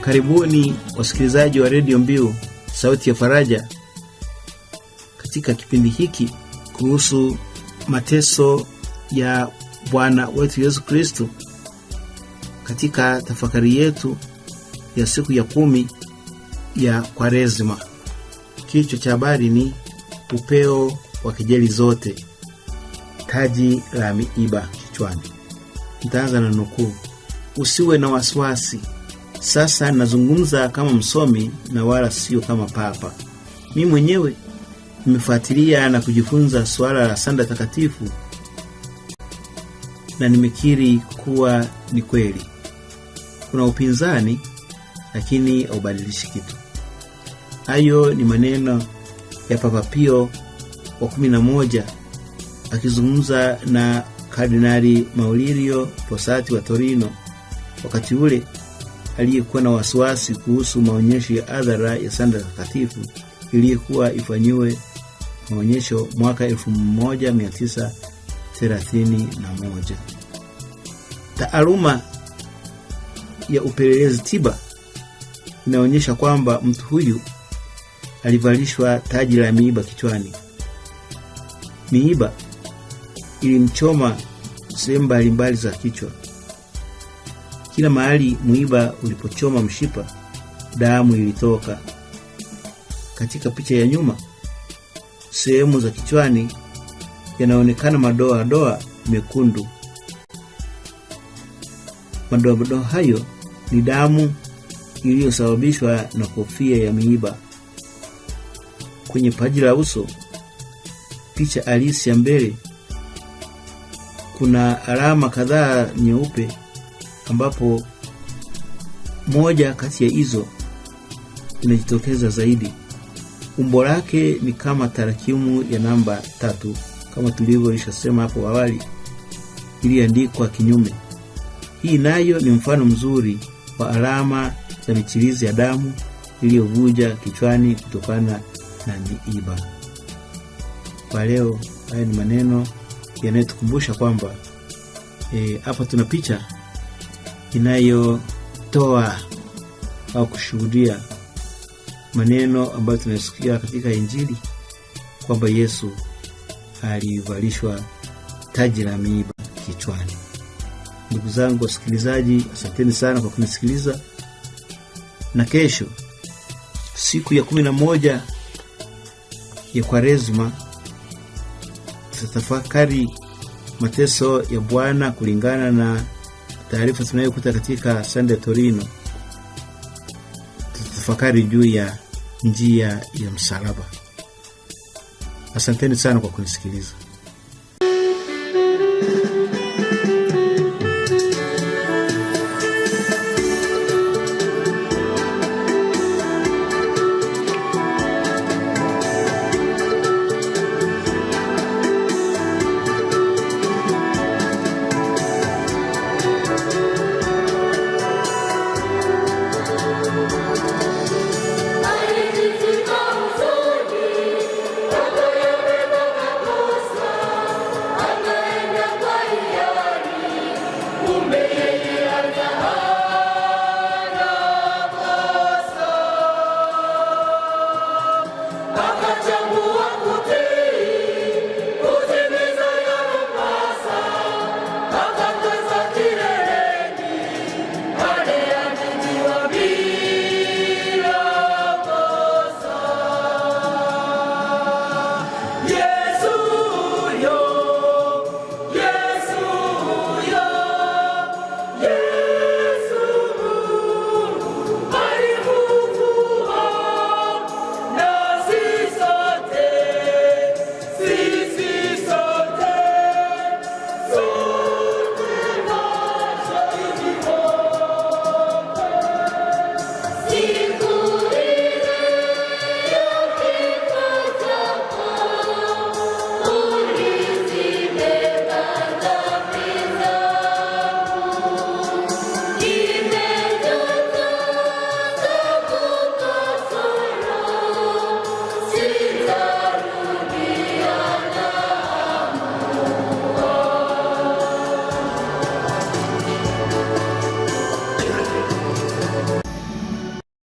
Karibuni wasikilizaji wa redio Mbiu sauti ya faraja, katika kipindi hiki kuhusu mateso ya Bwana wetu Yesu Kristo, katika tafakari yetu ya siku ya kumi ya kwarezma Kichwa cha habari ni upeo wa kejeli zote, taji la miiba kichwani. mtaanza na nukuu: usiwe na wasiwasi sasa nazungumza kama msomi na wala sio kama papa. Mi mwenyewe nimefuatilia na kujifunza suala la sanda takatifu na nimekiri kuwa ni kweli kuna upinzani, lakini haubadilishi kitu. Hayo ni maneno ya Papa Pio wa kumi na moja akizungumza na Kardinali Maurilio Posati wa Torino wakati ule aliyekuwa na wasiwasi kuhusu maonyesho ya adhara ya sanda takatifu iliyokuwa ifanyiwe maonyesho mwaka 1931. Taaluma ya upelelezi tiba inaonyesha kwamba mtu huyu alivalishwa taji la miiba kichwani. Miiba ilimchoma sehemu mbalimbali za kichwa kila mahali mwiba ulipochoma mshipa, damu ilitoka. Katika picha ya nyuma, sehemu za kichwani yanaonekana madoa doa mekundu. Madoa madoa hayo ni damu iliyosababishwa na kofia ya miiba. Kwenye paji la uso, picha alisi ya mbele, kuna alama kadhaa nyeupe ambapo moja kati ya hizo inajitokeza zaidi. Umbo lake ni kama tarakimu ya namba tatu kama tulivyoishasema hapo awali, iliandikwa kinyume. Hii nayo ni mfano mzuri wa alama za michirizi ya damu iliyovuja kichwani kutokana na miiba. Kwa leo, haya ni maneno yanayotukumbusha kwamba eh, hapa e, tuna picha inayotoa au kushuhudia maneno ambayo tunasikia katika Injili kwamba Yesu alivalishwa taji la miiba kichwani. Ndugu zangu wasikilizaji, asanteni sana kwa kunisikiliza, na kesho siku ya kumi na moja ya Kwaresma tutatafakari mateso ya Bwana kulingana na taarifa tunayokuta katika Sunday Torino, tutafakari juu ya njia ya msalaba. Asanteni sana kwa kunisikiliza.